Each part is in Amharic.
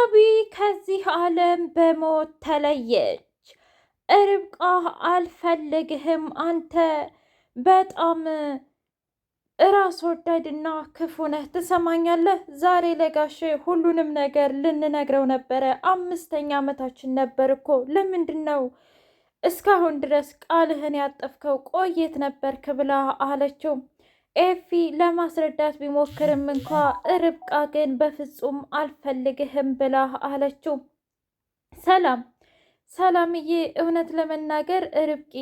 አቢ ከዚህ ዓለም በሞት ተለየች። እርብቃ አልፈልግህም፣ አንተ በጣም እራስ ወዳድና ክፉ ነህ። ትሰማኛለህ? ዛሬ ለጋሼ ሁሉንም ነገር ልንነግረው ነበረ። አምስተኛ ዓመታችን ነበር እኮ ለምንድን ነው እስካሁን ድረስ ቃልህን ያጠፍከው? ቆየት ነበርክ ብላ አለችው። ኤፊ ለማስረዳት ቢሞክርም እንኳ ርብቃ ግን በፍጹም አልፈልግህም ብላ አለችው። ሰላም ሰላምዬ፣ እውነት ለመናገር ርብቂ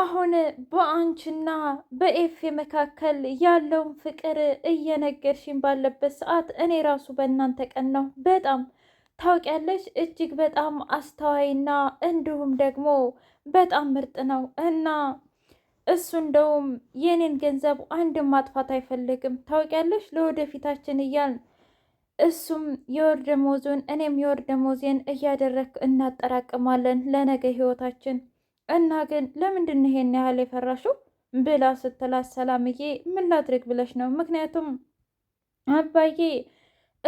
አሁን በአንቺና በኤፌ መካከል ያለውን ፍቅር እየነገርሽኝ ባለበት ሰዓት እኔ ራሱ በእናንተ ቀን ነው። በጣም ታውቂያለሽ፣ እጅግ በጣም አስተዋይና እንዲሁም ደግሞ በጣም ምርጥ ነው እና እሱ እንደውም የኔን ገንዘብ አንድም ማጥፋት አይፈልግም ታውቂያለሽ፣ ለወደፊታችን እያል እሱም የወር ደመወዙን እኔም የወር ደመወዜን እያደረግ እናጠራቅማለን ለነገ ህይወታችን እና ግን ለምንድን ነው ይሄን ያህል የፈራሽው ብላ ስትላት፣ ሰላምዬ ምን ላድርግ ብለሽ ነው? ምክንያቱም አባዬ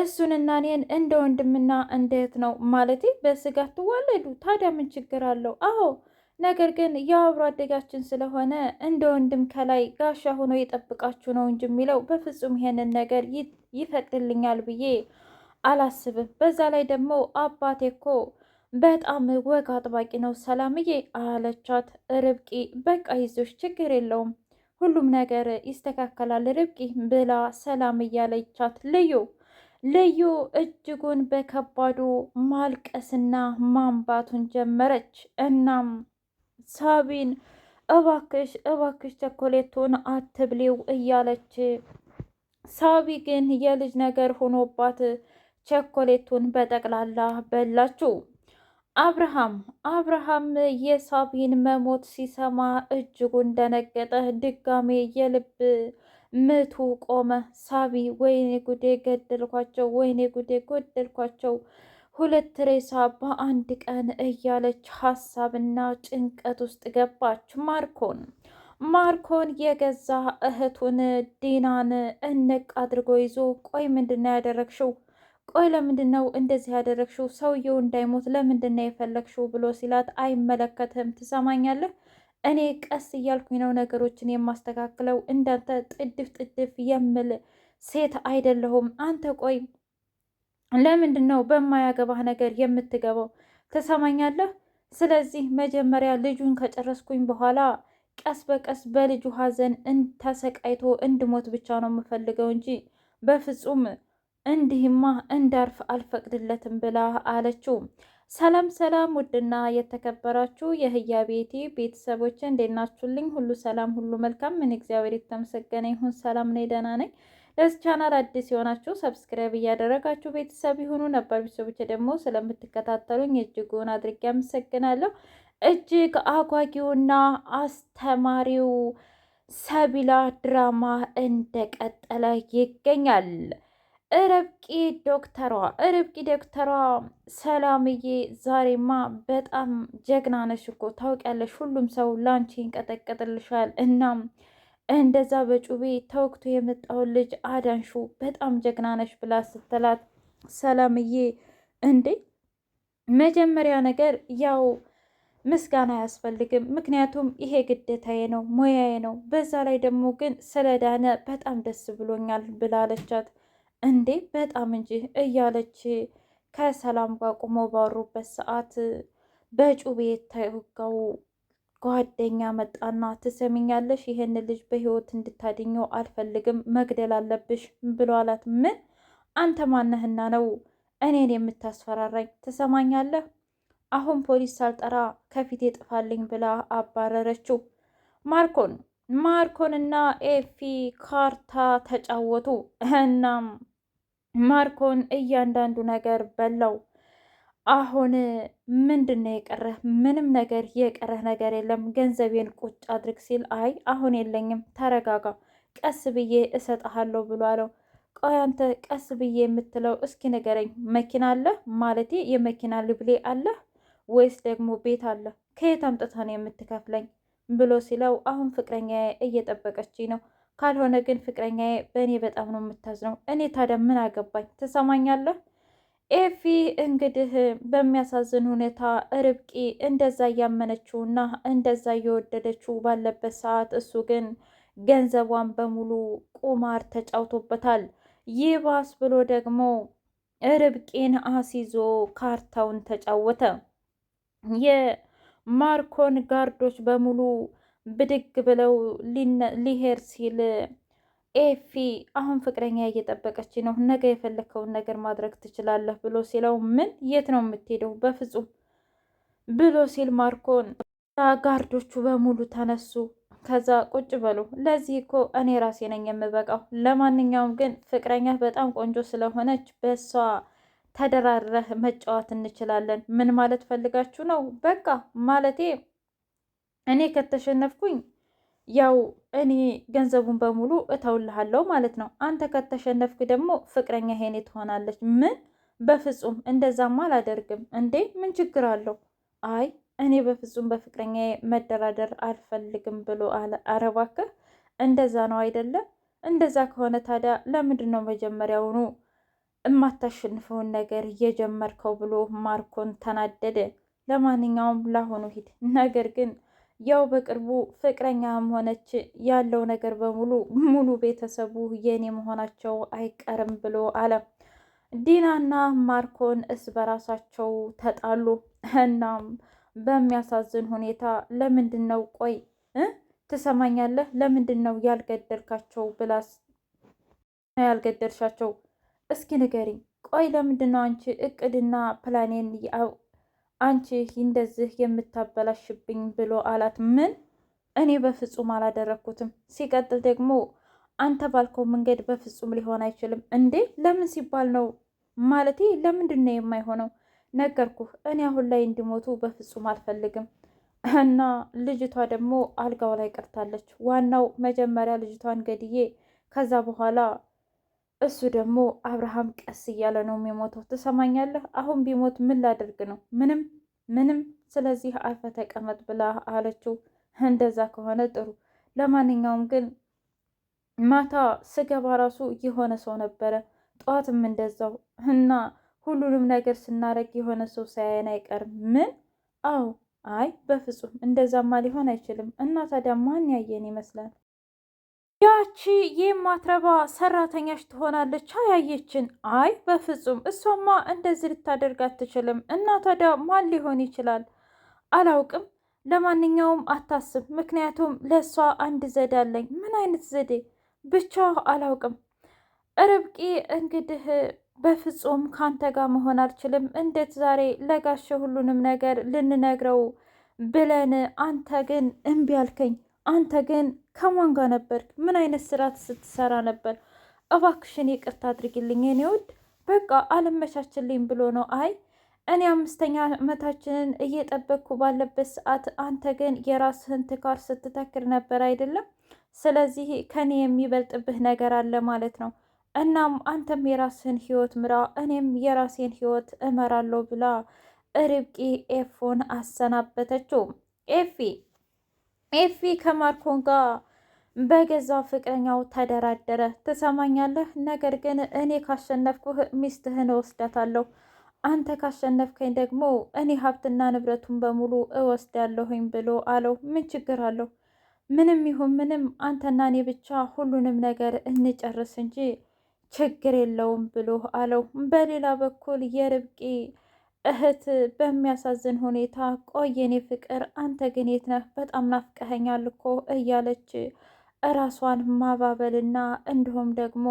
እሱንና እኔን እንደ ወንድምና እንደ እህት ነው ማለቴ በስጋ ትዋለዱ። ታዲያ ምን ችግር አለው? አዎ ነገር ግን የአብሮ አደጋችን ስለሆነ እንደ ወንድም ከላይ ጋሻ ሆኖ የጠብቃችሁ ነው እንጂ የሚለው በፍጹም ይሄንን ነገር ይፈቅድልኛል ብዬ አላስብም። በዛ ላይ ደግሞ አባቴ እኮ በጣም ወግ አጥባቂ ነው ሰላምዬ አለቻት ርብቂ። በቃ ይዞች ችግር የለውም ሁሉም ነገር ይስተካከላል ርብቂ ብላ ሰላም እያለቻት ልዩ ልዩ እጅጉን በከባዱ ማልቀስና ማንባቱን ጀመረች። እናም ሳቢን እባክሽ እባክሽ ቸኮሌቱን አትብሊው እያለች ሳቢ ግን የልጅ ነገር ሆኖባት ቸኮሌቱን በጠቅላላ በላችው። አብርሃም አብርሃም የሳቢን መሞት ሲሰማ እጅጉን ደነገጠ። ድጋሜ የልብ ምቱ ቆመ። ሳቢ ወይኔ ጉዴ ገደልኳቸው፣ ወይኔ ጉዴ ጎደልኳቸው ሁለት ሬሳ በአንድ ቀን እያለች ሀሳብና ጭንቀት ውስጥ ገባች። ማርኮን ማርኮን የገዛ እህቱን ዲናን እንቅ አድርጎ ይዞ ቆይ ምንድን ነው ያደረግሽው? ቆይ ለምንድን ነው እንደዚህ ያደረግሽው? ሰውየው እንዳይሞት ለምንድን ነው የፈለግሽው? ብሎ ሲላት አይመለከትህም፣ ትሰማኛለህ? እኔ ቀስ እያልኩኝ ነው ነገሮችን የማስተካክለው፣ እንዳንተ ጥድፍ ጥድፍ የምል ሴት አይደለሁም። አንተ ቆይ ለምንድን ነው በማያገባህ ነገር የምትገባው? ትሰማኛለህ? ስለዚህ መጀመሪያ ልጁን ከጨረስኩኝ በኋላ ቀስ በቀስ በልጁ ሐዘን ተሰቃይቶ እንድሞት ብቻ ነው የምፈልገው እንጂ በፍጹም እንዲህማ እንዳርፍ አልፈቅድለትም ብላ አለችው። ሰላም ሰላም! ውድና የተከበራችሁ የህያ ቤቴ ቤተሰቦች እንዴት ናችሁልኝ? ሁሉ ሰላም፣ ሁሉ መልካም። ምን እግዚአብሔር የተመሰገነ ይሁን። ሰላም ነኝ፣ ደህና ነኝ። ለዚህ ቻናል አዲስ የሆናችሁ ሰብስክራይብ እያደረጋችሁ ቤተሰብ ይሁኑ። ነባር ቤተሰቦች ደግሞ ስለምትከታተሉኝ እጅጉን አድርጌ አመሰግናለሁ። እጅግ አጓጊውና አስተማሪው ሰቢላ ድራማ እንደቀጠለ ይገኛል። ርብቃ ዶክተሯ እርብቂ ዶክተሯ ሰላምዬ፣ ዛሬማ በጣም ጀግና ነሽ እኮ ታውቂያለሽ፣ ሁሉም ሰው ላንቺ ይንቀጠቀጥልሻል እናም እንደዛ በጩቤ ተወግቶ የመጣውን ልጅ አዳንሹ በጣም ጀግና ነሽ ብላ ስትላት፣ ሰላምዬ እንዴ መጀመሪያ ነገር ያው ምስጋና አያስፈልግም። ምክንያቱም ይሄ ግዴታዬ ነው፣ ሙያዬ ነው። በዛ ላይ ደግሞ ግን ስለዳነ በጣም ደስ ብሎኛል ብላለቻት። እንዴ በጣም እንጂ እያለች ከሰላም ጋር ቁሞ ባወሩበት ሰዓት በጩቤ ተወጋው ጓደኛ መጣና ትሰሚኛለሽ፣ ይህን ልጅ በህይወት እንድታድኘው አልፈልግም፣ መግደል አለብሽ ብሎ አላት። ምን አንተ ማነህና ነው እኔን የምታስፈራራኝ? ትሰማኛለህ፣ አሁን ፖሊስ ሳልጠራ ከፊቴ ጥፋልኝ ብላ አባረረችው። ማርኮን ማርኮንና ኤፊ ካርታ ተጫወቱ። እናም ማርኮን እያንዳንዱ ነገር በላው። አሁን ምንድን ነው የቀረህ? ምንም ነገር የቀረህ ነገር የለም። ገንዘቤን ቁጭ አድርግ ሲል አይ አሁን የለኝም፣ ተረጋጋ፣ ቀስ ብዬ እሰጥሃለሁ ብሎ አለው። ቆይ አንተ ቀስ ብዬ የምትለው እስኪ ንገረኝ፣ መኪና አለህ? ማለቴ የመኪና ልብሌ አለህ ወይስ ደግሞ ቤት አለህ? ከየት አምጥተህ ነው የምትከፍለኝ? ብሎ ሲለው አሁን ፍቅረኛዬ እየጠበቀችኝ ነው፣ ካልሆነ ግን ፍቅረኛዬ በእኔ በጣም ነው የምታዝነው። እኔ ታዲያ ምን አገባኝ? ትሰማኛለህ ኤፊ እንግዲህ በሚያሳዝን ሁኔታ ርብቂ እንደዛ እያመነችው እና እንደዛ እየወደደችው ባለበት ሰዓት እሱ ግን ገንዘቧን በሙሉ ቁማር ተጫውቶበታል። ባስ ብሎ ደግሞ ርብቂን አስይዞ ካርታውን ተጫወተ። የማርኮን ጋርዶች በሙሉ ብድግ ብለው ሊሄድ ሲል ኤፊ አሁን ፍቅረኛ እየጠበቀች ነው፣ ነገ የፈለግከውን ነገር ማድረግ ትችላለህ ብሎ ሲለው ምን የት ነው የምትሄደው? በፍጹም ብሎ ሲል ማርኮን ጋርዶቹ በሙሉ ተነሱ። ከዛ ቁጭ በሉ፣ ለዚህ እኮ እኔ ራሴ ነኝ የምበቃው። ለማንኛውም ግን ፍቅረኛ በጣም ቆንጆ ስለሆነች በሷ ተደራረህ መጫወት እንችላለን። ምን ማለት ፈልጋችሁ ነው? በቃ ማለቴ እኔ ከተሸነፍኩኝ ያው እኔ ገንዘቡን በሙሉ እተውልሃለሁ ማለት ነው። አንተ ከተሸነፍክ ደግሞ ፍቅረኛ ሄኔ ትሆናለች። ምን? በፍጹም እንደዛም አላደርግም። እንዴ ምን ችግር አለው? አይ እኔ በፍጹም በፍቅረኛ መደራደር አልፈልግም ብሎ አለ። እባክህ እንደዛ ነው አይደለም? እንደዛ ከሆነ ታዲያ ለምንድን ነው መጀመሪያውኑ የማታሸንፈውን ነገር እየጀመርከው? ብሎ ማርኮን ተናደደ። ለማንኛውም ላሁኑ ሂድ፣ ነገር ግን ያው በቅርቡ ፍቅረኛም ሆነች ያለው ነገር በሙሉ ሙሉ ቤተሰቡ የኔ መሆናቸው አይቀርም ብሎ አለ። ዲናና ማርኮን እስ በራሳቸው ተጣሉ። እናም በሚያሳዝን ሁኔታ ለምንድን ነው ቆይ ትሰማኛለህ? ለምንድን ነው ያልገደልካቸው ብላስ ያልገደልሻቸው? እስኪ ንገሪኝ። ቆይ ለምንድን ነው አንቺ እቅድና ፕላኔን አንቺ እንደዚህ የምታበላሽብኝ ብሎ አላት። ምን እኔ በፍጹም አላደረግኩትም። ሲቀጥል ደግሞ አንተ ባልከው መንገድ በፍጹም ሊሆን አይችልም። እንዴ ለምን ሲባል ነው ማለቴ ለምንድን ነው የማይሆነው? ነገርኩህ፣ እኔ አሁን ላይ እንዲሞቱ በፍጹም አልፈልግም። እና ልጅቷ ደግሞ አልጋው ላይ ቀርታለች። ዋናው መጀመሪያ ልጅቷን ገድዬ ከዛ በኋላ እሱ ደግሞ አብርሃም ቀስ እያለ ነው የሚሞተው። ትሰማኛለህ? አሁን ቢሞት ምን ላደርግ ነው? ምንም ምንም። ስለዚህ አርፈ ተቀመጥ ብላ አለችው። እንደዛ ከሆነ ጥሩ። ለማንኛውም ግን ማታ ስገባ ራሱ የሆነ ሰው ነበረ፣ ጠዋትም እንደዛው እና ሁሉንም ነገር ስናደርግ የሆነ ሰው ሳያየን አይቀርም። ምን? አዎ። አይ በፍጹም እንደዛማ ሊሆን አይችልም። እና ታዲያ ማን ያየን ይመስላል? ያቺ የማትረባ ሰራተኛሽ ትሆናለች አያየችን? አይ በፍጹም እሷማ እንደዚህ ልታደርግ አትችልም። እና ታዲያ ማን ሊሆን ይችላል? አላውቅም። ለማንኛውም አታስብ፣ ምክንያቱም ለእሷ አንድ ዘዴ አለኝ። ምን አይነት ዘዴ? ብቻ አላውቅም። ርብቂ እንግዲህ በፍጹም ካንተ ጋር መሆን አልችልም። እንዴት ዛሬ ለጋሸ ሁሉንም ነገር ልንነግረው ብለን አንተ ግን እምቢ አልከኝ። አንተ ግን ከማን ጋር ነበር? ምን አይነት ስራ ስትሰራ ነበር? እባክሽን ይቅርታ አድርጊልኝ የኔ ውድ፣ በቃ አለመቻችልኝ ብሎ ነው። አይ እኔ አምስተኛ ዓመታችንን እየጠበቅኩ ባለበት ሰዓት አንተ ግን የራስህን ትካር ስትተክር ነበር አይደለም? ስለዚህ ከኔ የሚበልጥብህ ነገር አለ ማለት ነው። እናም አንተም የራስህን ህይወት ምራ፣ እኔም የራሴን ህይወት እመራለሁ ብላ ርብቂ ኤፎን አሰናበተችው። ኤፊ ኤፊ ከማርኮን ጋር በገዛ ፍቅረኛው ተደራደረ። ትሰማኛለህ? ነገር ግን እኔ ካሸነፍኩህ ሚስትህን እወስዳታለሁ። አንተ ካሸነፍከኝ ደግሞ እኔ ሀብትና ንብረቱን በሙሉ እወስዳለሁኝ ብሎ አለው። ምን ችግር አለው? ምንም ይሁን ምንም አንተና እኔ ብቻ ሁሉንም ነገር እንጨርስ እንጂ ችግር የለውም ብሎ አለው። በሌላ በኩል የርብቃ እህት በሚያሳዝን ሁኔታ ቆይ የኔ ፍቅር አንተ ግን የት ነህ? በጣም ናፍቀኸኛል እኮ እያለች እራሷን ማባበልና እንዲሁም ደግሞ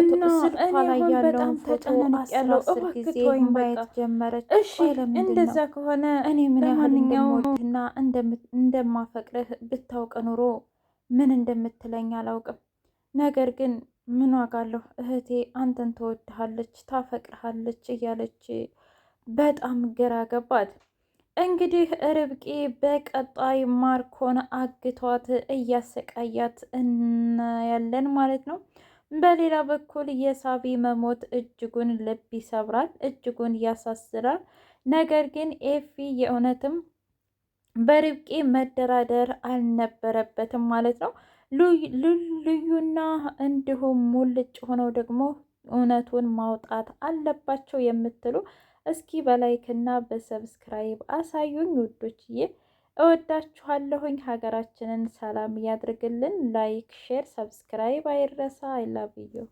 እንደዛ ከሆነ እኔ ምን ያህል እንደማፈቅርህ ብታውቅ ኑሮ ምን እንደምትለኝ አላውቅም። ነገር ግን ምን ዋጋለሁ እህቴ አንተን ትወድሃለች፣ ታፈቅርሃለች እያለች በጣም ግራ ገባት። እንግዲህ ርብቃ በቀጣይ ማርኮን አግቷት እያሰቃያት እናያለን ማለት ነው። በሌላ በኩል የሳቢ መሞት እጅጉን ልብ ይሰብራል፣ እጅጉን ያሳስራል ነገር ግን ኤፊ የእውነትም በርብቃ መደራደር አልነበረበትም ማለት ነው። ልዩና እንዲሁም ሙልጭ ሆነው ደግሞ እውነቱን ማውጣት አለባቸው የምትሉ እስኪ እና በሰብስክራይብ አሳዩኝ ውዶችዬ። እወዳችኋለሁኝ። ሀገራችንን ሰላም ያድርግልን። ላይክ፣ ሼር፣ ሰብስክራይብ አይረሳ። አይላቭ ዩ